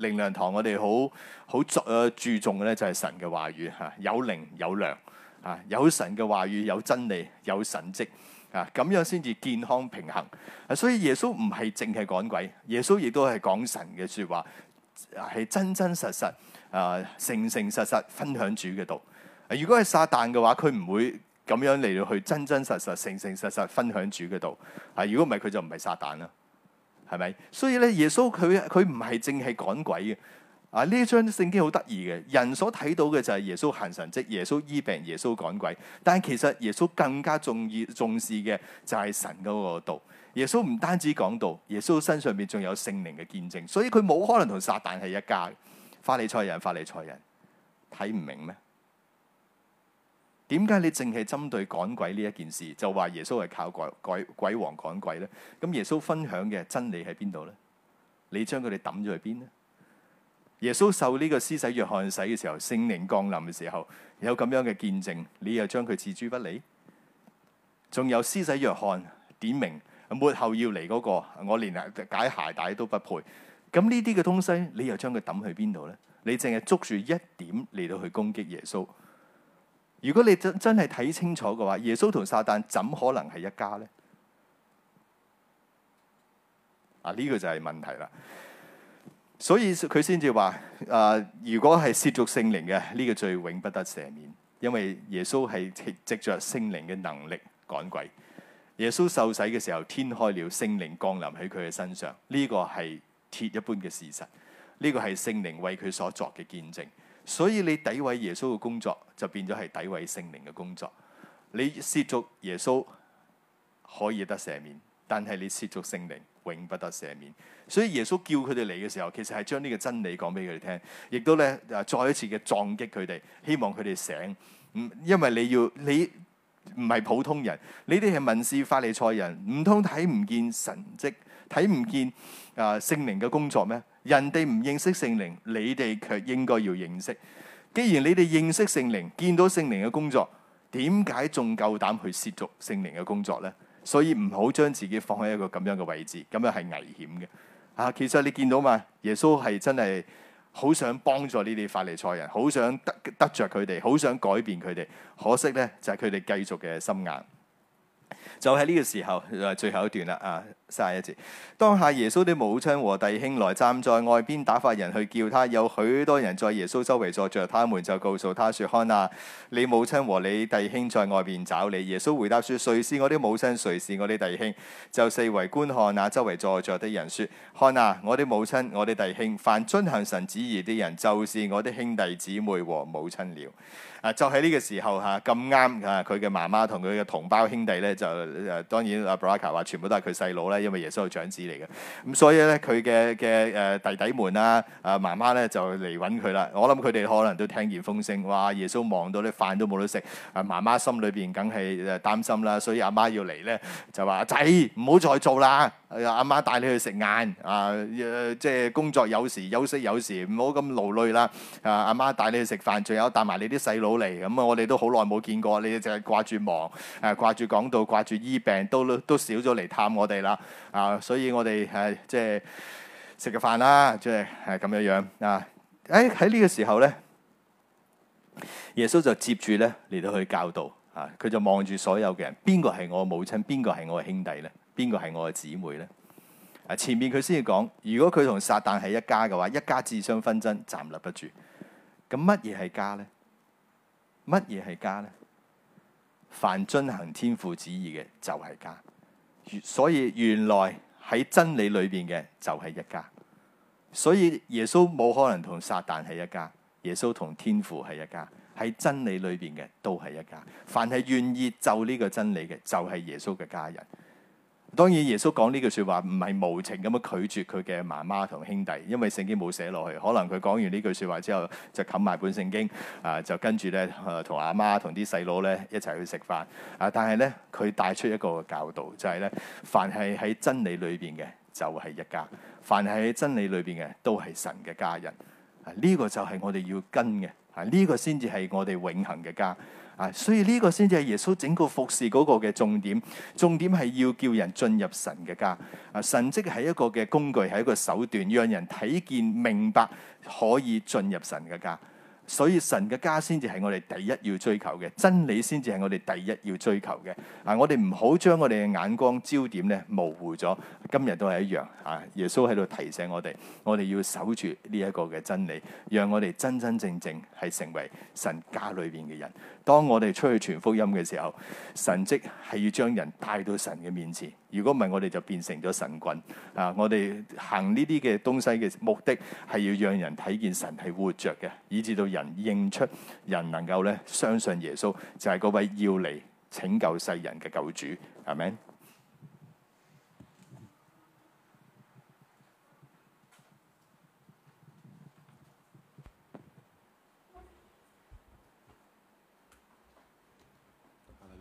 S1: 靈糧堂我哋好好誒注重嘅咧就係神嘅話語吓，有靈有糧啊，有神嘅話語，有真理，有神跡。啊，咁樣先至健康平衡。啊，所以耶穌唔係淨係趕鬼，耶穌亦都係講神嘅說話，係真真實實啊，誠誠實實分享主嘅道。啊，如果係撒旦嘅話，佢唔會咁樣嚟到去真真實實誠誠實實分享主嘅道。啊，如果唔係，佢就唔係撒旦啦。係咪、啊？所以咧，耶穌佢佢唔係淨係趕鬼嘅。啊！呢一章聖經好得意嘅，人所睇到嘅就係耶穌行神跡，耶穌醫病，耶穌趕鬼。但係其實耶穌更加重意重視嘅就係神嗰個道。耶穌唔單止講道，耶穌身上面仲有聖靈嘅見證，所以佢冇可能同撒旦係一家。法利賽人，法利賽人睇唔明咩？點解你淨係針對趕鬼呢一件事就話耶穌係靠鬼鬼鬼王趕鬼呢？咁耶穌分享嘅真理喺邊度呢？你將佢哋抌咗去邊呢？耶穌受呢個施洗約翰洗嘅時候，聖靈降臨嘅時候，有咁樣嘅見證，你又將佢置諸不理？仲有施洗約翰點明末後要嚟嗰、那個，我連解鞋帶都不配，咁呢啲嘅東西，你又將佢抌去邊度呢？你淨係捉住一點嚟到去攻擊耶穌？如果你真真係睇清楚嘅話，耶穌同撒旦怎可能係一家呢？啊，呢、這個就係問題啦。所以佢先至話，誒、呃，如果係褻瀆聖靈嘅呢、這個罪，永不得赦免，因為耶穌係藉藉着聖靈嘅能力趕鬼。耶穌受洗嘅時候，天開了，聖靈降臨喺佢嘅身上，呢、這個係鐵一般嘅事實，呢、這個係聖靈為佢所作嘅見證。所以你詆毀耶穌嘅工作，就變咗係詆毀聖靈嘅工作。你褻瀆耶穌，可以得赦免。但係你褻瀆聖靈，永不得赦免。所以耶穌叫佢哋嚟嘅時候，其實係將呢個真理講俾佢哋聽，亦都咧再一次嘅撞擊佢哋，希望佢哋醒。唔，因為你要你唔係普通人，你哋係文士法利賽人，唔通睇唔見神跡，睇唔見啊聖靈嘅工作咩？人哋唔認識聖靈，你哋卻應該要認識。既然你哋認識聖靈，見到聖靈嘅工作，點解仲夠膽去褻瀆聖靈嘅工作呢？所以唔好將自己放喺一個咁樣嘅位置，咁樣係危險嘅。啊，其實你見到嘛，耶穌係真係好想幫助呢啲法利賽人，好想得得著佢哋，好想改變佢哋。可惜呢，就係佢哋繼續嘅心眼。就喺呢個時候，最後一段啦，啊，三十一節。當下耶穌的母親和弟兄來站在外邊，打發人去叫他。有許多人在耶穌周圍坐着，他們就告訴他說：看啊，你母親和你弟兄在外邊找你。耶穌回答說：誰是我的母親，誰是我的弟兄？就四圍觀看啊，周圍坐着的人說：看啊，我的母親，我的弟兄，凡遵行神旨意的人，就是我的兄弟姊妹和母親了。啊，就喺呢個時候吓，咁啱啊，佢嘅媽媽同佢嘅同胞兄弟咧就。誒，當然阿伯拉卡話全部都係佢細佬咧，因為耶穌係長子嚟嘅，咁所以咧佢嘅嘅誒弟弟們啊，啊媽媽咧就嚟揾佢啦。我諗佢哋可能都聽見風聲，哇！耶穌忙到啲飯都冇得食，啊媽媽心裏邊梗係誒擔心啦，所以阿媽,媽要嚟咧就話：仔唔好再做啦。阿阿媽帶你去食晏啊！即係工作有時休息有時，唔好咁勞累啦。啊、呃，阿媽帶你去食飯，仲有帶埋你啲細佬嚟。咁、嗯、啊，我哋都好耐冇見過，你淨係掛住忙，誒、呃，掛住講道，掛住醫病，都都少咗嚟探我哋啦。啊、呃，所以我哋係即係食嘅飯食個飯啦，即係係咁樣樣啊！誒、呃，喺呢個時候咧，耶穌就接住咧嚟到去教導啊，佢就望住所有嘅人，邊個係我母親，邊個係我嘅兄弟咧？邊個係我嘅姊妹呢？前面佢先至講，如果佢同撒旦係一家嘅話，一家自相紛爭，站立不住。咁乜嘢係家呢？乜嘢係家呢？凡遵行天父旨意嘅就係家。所以原來喺真理裏邊嘅就係一家。所以耶穌冇可能同撒旦係一家，耶穌同天父係一家。喺真理裏邊嘅都係一家。凡係願意就呢個真理嘅，就係耶穌嘅家人。當然，耶穌講呢句説話唔係無情咁樣拒絕佢嘅媽媽同兄弟，因為聖經冇寫落去。可能佢講完呢句説話之後，就冚埋本聖經啊、呃，就跟住咧同阿媽同啲細佬咧一齊去食飯啊。但係咧，佢帶出一個教導，就係、是、咧，凡係喺真理裏邊嘅就係、是、一家，凡係喺真理裏邊嘅都係神嘅家人。啊，呢、這個就係我哋要跟嘅啊，呢、這個先至係我哋永恆嘅家。啊！所以呢個先至係耶穌整個服侍嗰個嘅重點，重點係要叫人進入神嘅家。啊！神蹟係一個嘅工具，係一個手段，讓人睇見明白，可以進入神嘅家。所以神嘅家先至係我哋第一要追求嘅，真理先至係我哋第一要追求嘅。嗱、啊，我哋唔好將我哋嘅眼光焦點咧模糊咗。今日都係一樣啊！耶穌喺度提醒我哋，我哋要守住呢一個嘅真理，讓我哋真真正正係成為神家裏面嘅人。當我哋出去傳福音嘅時候，神蹟係要將人帶到神嘅面前。如果唔係，我哋就變成咗神棍啊！我哋行呢啲嘅東西嘅目的係要讓人睇見神係活着嘅，以至到人認出人能夠咧相信耶穌，就係嗰位要嚟拯救世人嘅救主。阿們？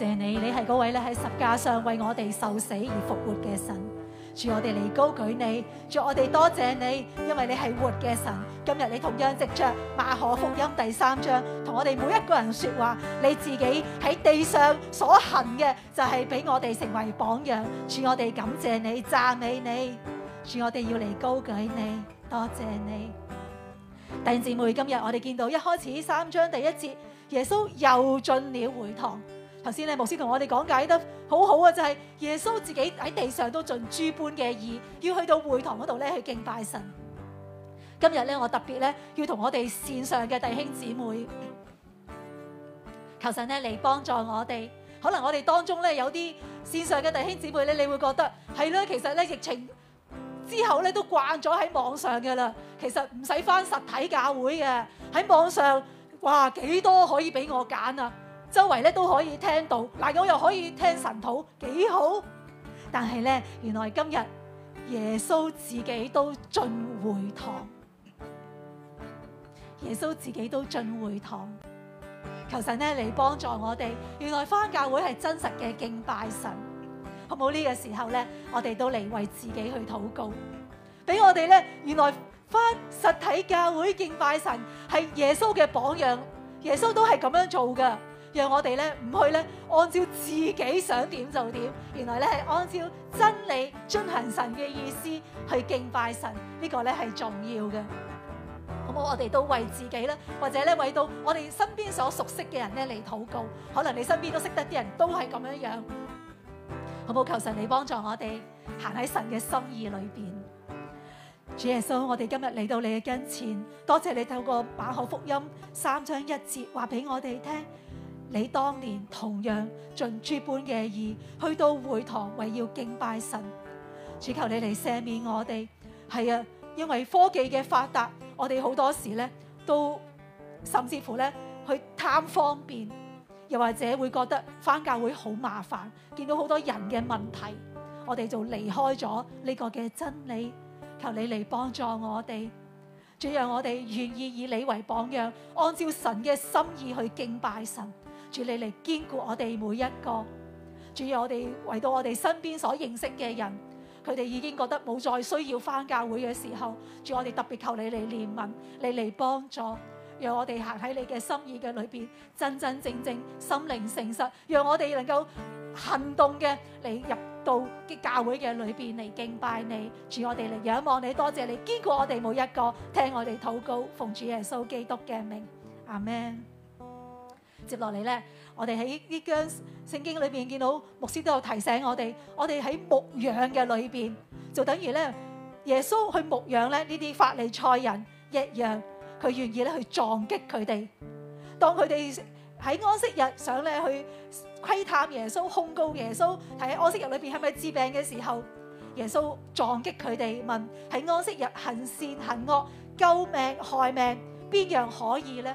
S2: 謝，謝你，你係嗰位咧，喺十架上為我哋受死而復活嘅神。祝我哋嚟高舉你，祝我哋多謝，謝你，因為你係活嘅神。今日你同樣藉着馬可福音第三章，同我哋每一個人說話。你自己喺地上所行嘅，就係、是、俾我哋成為榜樣。祝我哋感謝你、讚美你，祝我哋要嚟高舉你，多謝，謝你。弟兄姊妹，今日我哋見到一開始三章第一節，耶穌又進了會堂。頭先咧，牧師同我哋講解得好好啊，就係、是、耶穌自己喺地上都盡諸般嘅意，要去到會堂嗰度咧去敬拜神。今日咧，我特別咧要同我哋線上嘅弟兄姊妹，求神咧嚟幫助我哋。可能我哋當中咧有啲線上嘅弟兄姊妹咧，你會覺得係咯，其實咧疫情之後咧都慣咗喺網上㗎喇。其實唔使翻實體教會嘅，喺網上哇幾多可以俾我揀啊！周圍咧都可以聽到，嗱我又可以聽神禱，幾好。但係咧，原來今日耶穌自己都進會堂，耶穌自己都進會堂。求神咧你幫助我哋，原來翻教會係真實嘅敬拜神，好冇呢個時候咧，我哋都嚟為自己去禱告，俾我哋咧原來翻實體教會敬拜神係耶穌嘅榜樣，耶穌都係咁樣做噶。讓我哋咧唔去咧，按照自己想點就點。原來咧係按照真理遵行神嘅意思去敬拜神，呢個咧係重要嘅。好唔好？我哋都為自己咧，或者咧為到我哋身邊所熟悉嘅人咧嚟禱告。可能你身邊都識得啲人都係咁樣樣，好唔好？求神你幫助我哋行喺神嘅心意裏邊。主耶穌，我哋今日嚟到你嘅跟前，多謝你透過馬可福音三章一節話俾我哋聽。你當年同樣盡諸般嘅意，去到會堂為要敬拜神，只求你嚟赦免我哋。係啊，因為科技嘅發達，我哋好多時咧都甚至乎咧去貪方便，又或者會覺得翻教會好麻煩，見到好多人嘅問題，我哋就離開咗呢個嘅真理。求你嚟幫助我哋，主，讓我哋願意以你為榜樣，按照神嘅心意去敬拜神。主你嚟堅固我哋每一個，主我哋為到我哋身邊所認識嘅人，佢哋已經覺得冇再需要返教會嘅時候，主我哋特別求你嚟憐憫，你嚟幫助，讓我哋行喺你嘅心意嘅裏邊，真真正正心靈誠實，讓我哋能夠行動嘅嚟入到嘅教會嘅裏邊嚟敬拜你，主我哋嚟仰望你，多謝你堅固我哋每一個，聽我哋禱告，奉主耶穌基督嘅名，阿門。接落嚟咧，我哋喺呢張聖經裏邊見到牧師都有提醒我哋，我哋喺牧養嘅裏邊，就等於咧耶穌去牧養咧呢啲法利賽人一樣，佢願意咧去撞擊佢哋。當佢哋喺安息日想咧去窺探耶穌、控告耶穌，睇喺安息日裏邊係咪治病嘅時候，耶穌撞擊佢哋，問喺安息日行善行惡、救命害命，邊樣可以咧？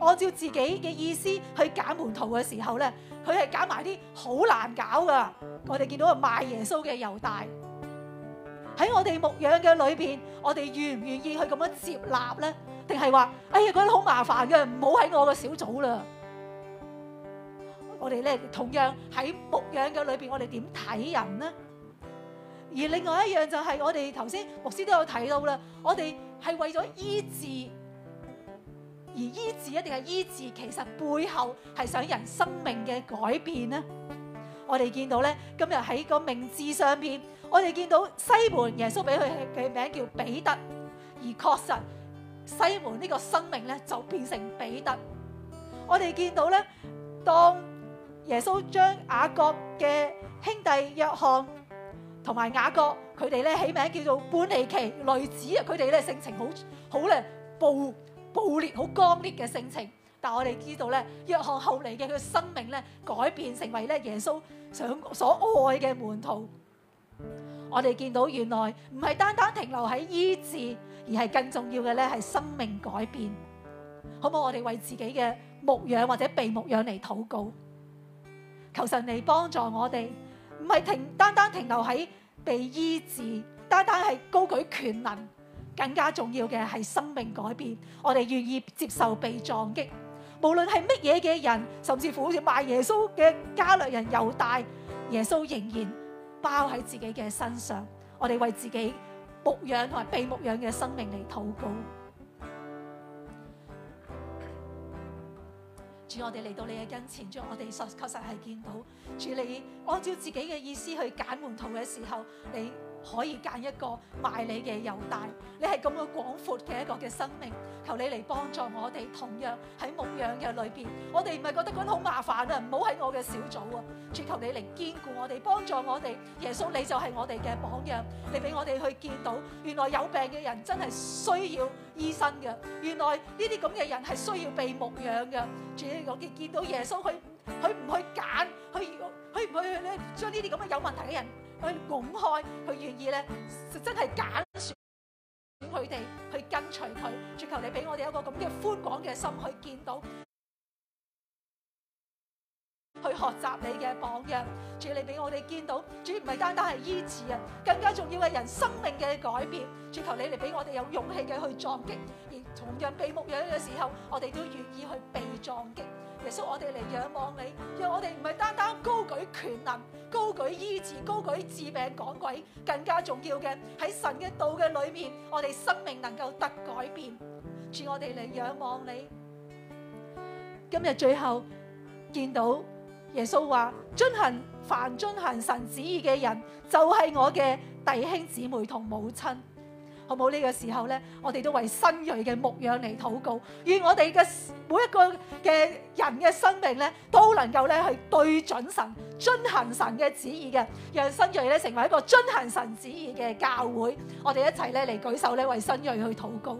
S2: 按照自己嘅意思去揀門徒嘅時候咧，佢係揀埋啲好難搞噶。我哋見到個賣耶穌嘅猶大喺我哋牧養嘅裏邊，我哋願唔願意去咁樣接納咧？定係話，哎呀，覺得好麻煩嘅，唔好喺我個小組啦。我哋咧同樣喺牧養嘅裏邊，我哋點睇人呢？而另外一樣就係，我哋頭先牧師都有睇到啦，我哋係為咗醫治。而醫治一定係醫治，其實背後係想人生命嘅改變呢？我哋見到咧，今日喺個名字上邊，我哋見到西門耶穌俾佢嘅名叫彼得，而確實西門呢個生命咧就變成彼得。我哋見到咧，當耶穌將雅各嘅兄弟約翰同埋雅各，佢哋咧起名叫做半尼其，雷子啊，佢哋咧性情好好咧暴。暴烈，好剛烈嘅性情，但我哋知道咧，約翰後嚟嘅佢生命咧，改變成為咧耶穌想所愛嘅門徒。我哋見到原來唔係單單停留喺醫治，而係更重要嘅咧係生命改變。好唔好？我哋為自己嘅牧養或者被牧養嚟禱告，求神嚟幫助我哋，唔係停單單停留喺被醫治，單單係高舉權能。更加重要嘅係生命改變，我哋願意接受被撞擊，無論係乜嘢嘅人，甚至乎好似賣耶穌嘅加略人猶大，耶穌仍然包喺自己嘅身上。我哋為自己牧養同埋被牧養嘅生命嚟禱告。主，我哋嚟到你嘅跟前，主，我哋實確實係見到，主你按照自己嘅意思去揀門徒嘅時候你。可以揀一個賣你嘅油帶，你係咁嘅廣闊嘅一個嘅生命，求你嚟幫助我哋。同樣喺牧養嘅裏邊，我哋唔係覺得嗰啲好麻煩啊，唔好喺我嘅小組啊！主求你嚟堅固我哋，幫助我哋。耶穌你就係我哋嘅榜樣，你俾我哋去見到原來有病嘅人真係需要醫生嘅，原來呢啲咁嘅人係需要被牧養嘅。主要我見到耶穌去，佢唔去揀，佢去唔去去將呢啲咁嘅有問題嘅人。去拱開，去願意咧，就真係揀選佢哋去跟隨佢。主求你俾我哋一個咁嘅寬廣嘅心去見到，去學習你嘅榜樣。主，你俾我哋見到，主唔係單單係醫治人，更加重要嘅人生命嘅改變。主求你嚟俾我哋有勇氣嘅去撞擊，而同樣被牧養嘅時候，我哋都願意去被撞擊。耶穌，我哋嚟仰望你，讓我哋唔係單單高舉權能、高舉醫治、高舉治病趕鬼，更加重要嘅喺神嘅道嘅裏面，我哋生命能夠得改變。主，我哋嚟仰望你。今日最後見到耶穌話，遵行凡遵行神旨意嘅人，就係我嘅弟兄姊妹同母親。好冇呢、這個時候呢？我哋都為新蕊嘅牧養嚟禱告，願我哋嘅每一個嘅人嘅生命呢，都能夠咧去對準神，遵行神嘅旨意嘅，讓新蕊咧成為一個遵行神旨意嘅教會。我哋一齊咧嚟舉手呢，為新蕊去禱告。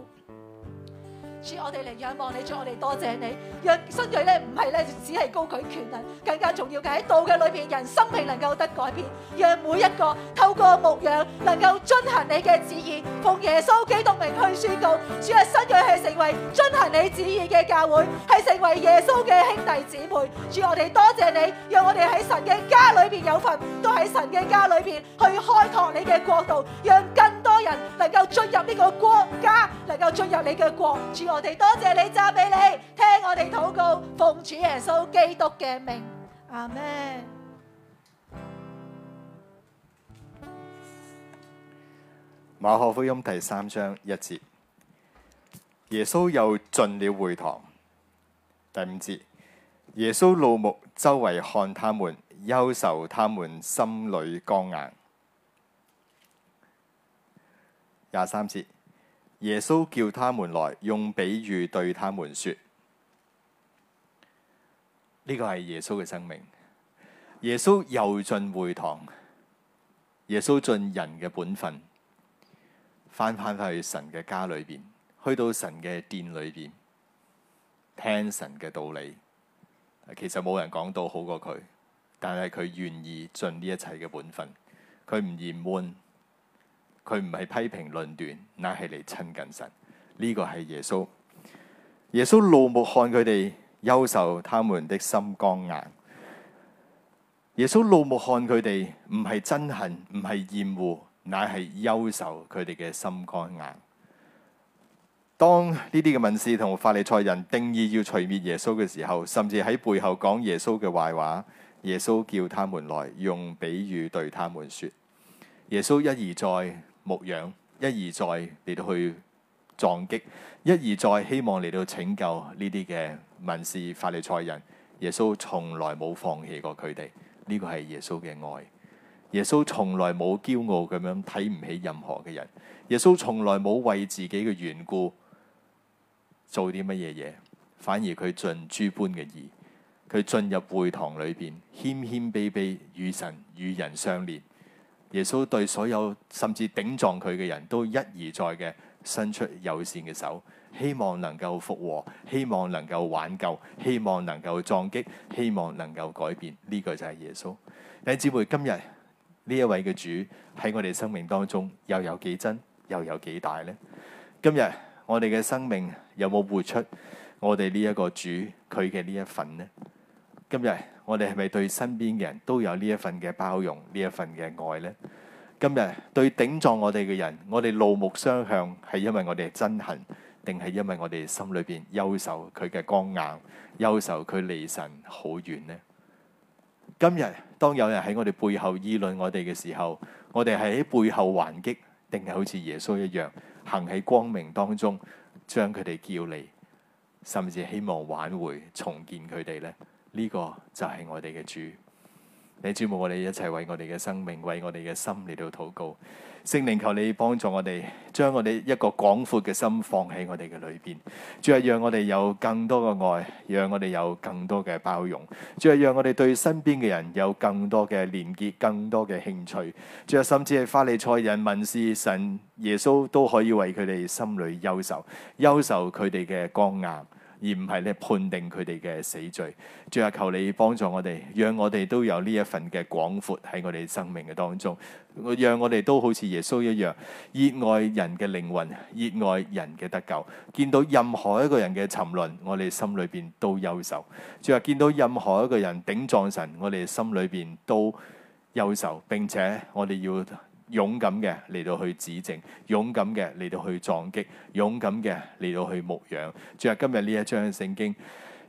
S2: 主，我哋嚟仰望你，主我哋多謝你。讓新約咧唔係咧只係高舉權能，更加重要嘅喺道嘅裏邊，人生命能夠得改變。讓每一個透過牧養，能夠遵行你嘅旨意，奉耶穌基督名去宣告。主啊，新約係成為遵行你旨意嘅教會，係成為耶穌嘅兄弟姊妹。主，我哋多謝你，讓我哋喺神嘅家裏邊有份，都喺神嘅家裏邊去開拓你嘅國度，讓更人能夠進入呢個國家，能夠進入你嘅國，主我哋多謝你，讚美你，聽我哋禱告，奉主耶穌基督嘅名，阿門。
S1: 馬可福音第三章一節，耶穌又進了會堂。第五節，耶穌怒目周圍看他們，憂愁他們心裏剛硬。廿三節，耶穌叫他們來，用比喻對他們說：呢、這個係耶穌嘅生命。耶穌又進會堂，耶穌盡人嘅本分，翻返翻去神嘅家裏邊，去到神嘅殿裏邊，聽神嘅道理。其實冇人講到好過佢，但係佢願意盡呢一切嘅本分，佢唔嫌悶。佢唔係批評論斷，乃係嚟親近神。呢、這個係耶穌。耶穌怒目看佢哋，憂愁他們的心肝硬。耶穌怒目看佢哋，唔係憎恨，唔係厭惡，乃係憂愁佢哋嘅心肝硬。當呢啲嘅文士同法利賽人定義要除滅耶穌嘅時候，甚至喺背後講耶穌嘅壞話，耶穌叫他們來用比喻對他們說：耶穌一而再。牧羊，一而再嚟到去撞擊，一而再希望嚟到拯救呢啲嘅民事法利賽人。耶穌從來冇放棄過佢哋，呢、這個係耶穌嘅愛。耶穌從來冇驕傲咁樣睇唔起任何嘅人。耶穌從來冇為自己嘅緣故做啲乜嘢嘢，反而佢盡諸般嘅義，佢進入會堂裏邊謙謙卑卑與神與人相連。耶穌對所有甚至頂撞佢嘅人都一而再嘅伸出友善嘅手，希望能夠復和，希望能夠挽救，希望能夠撞擊，希望能夠改變。呢個就係耶穌。弟兄姊妹，今日呢一位嘅主喺我哋生命當中又有幾真，又有幾大呢？今日我哋嘅生命有冇活出我哋呢一個主佢嘅呢一份呢？今日。我哋係咪對身邊嘅人都有呢一份嘅包容，呢一份嘅愛咧？今日對頂撞我哋嘅人，我哋怒目相向，係因為我哋嘅憎恨，定係因為我哋心裏邊憂愁佢嘅剛硬，憂愁佢離神好遠咧？今日當有人喺我哋背後議論我哋嘅時候，我哋係喺背後還擊，定係好似耶穌一樣行喺光明當中，將佢哋叫嚟，甚至希望挽回重建佢哋咧？呢個就係我哋嘅主，你注目我哋一齊為我哋嘅生命、為我哋嘅心嚟到禱告。聖靈，求你幫助我哋，將我哋一個廣闊嘅心放喺我哋嘅裏邊。主啊，讓我哋有更多嘅愛，讓我哋有更多嘅包容。主啊，讓我哋對身邊嘅人有更多嘅連結，更多嘅興趣。主啊，甚至係法利賽人、文士、神、耶穌都可以為佢哋心裏憂愁、憂愁佢哋嘅剛硬。而唔係咧判定佢哋嘅死罪，最後求你幫助我哋，讓我哋都有呢一份嘅廣闊喺我哋生命嘅當中，我讓我哋都好似耶穌一樣熱愛人嘅靈魂，熱愛人嘅得救，見到任何一個人嘅沉淪，我哋心裏邊都憂愁，最後見到任何一個人頂撞神，我哋心裏邊都憂愁。並且我哋要。勇敢嘅嚟到去指正，勇敢嘅嚟到去撞擊，勇敢嘅嚟到去牧養。仲有今日呢一章嘅聖經，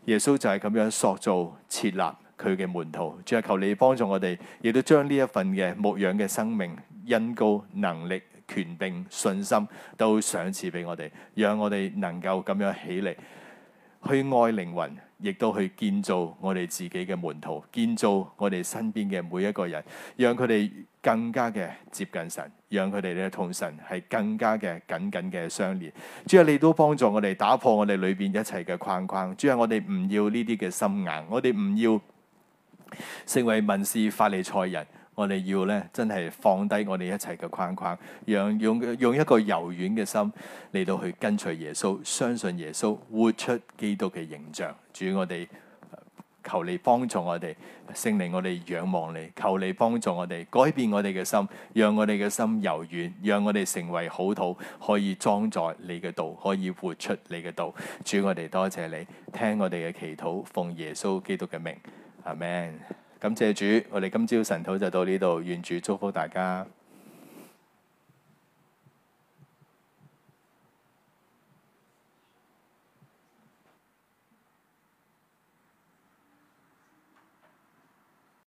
S1: 耶穌就係咁樣塑造設立佢嘅門徒。仲有求你幫助我哋，亦都將呢一份嘅牧養嘅生命、恩膏、能力、權柄、信心都賞賜俾我哋，讓我哋能夠咁樣起嚟去愛靈魂，亦都去建造我哋自己嘅門徒，建造我哋身邊嘅每一個人，讓佢哋。更加嘅接近神，讓佢哋咧同神係更加嘅緊緊嘅相連。主啊，你都幫助我哋打破我哋裏邊一切嘅框框。主啊，我要我哋唔要呢啲嘅心硬，我哋唔要成為民事法利賽人。我哋要咧真係放低我哋一切嘅框框，讓用用一個柔軟嘅心嚟到去跟隨耶穌，相信耶穌，活出基督嘅形象。主要我哋。求你幫助我哋，聖靈我哋仰望你，求你幫助我哋改變我哋嘅心，讓我哋嘅心柔軟，讓我哋成為好土，可以裝載你嘅道，可以活出你嘅道。主，我哋多謝你，聽我哋嘅祈禱，奉耶穌基督嘅名，阿門。感謝主，我哋今朝神土就到呢度，願主祝福大家。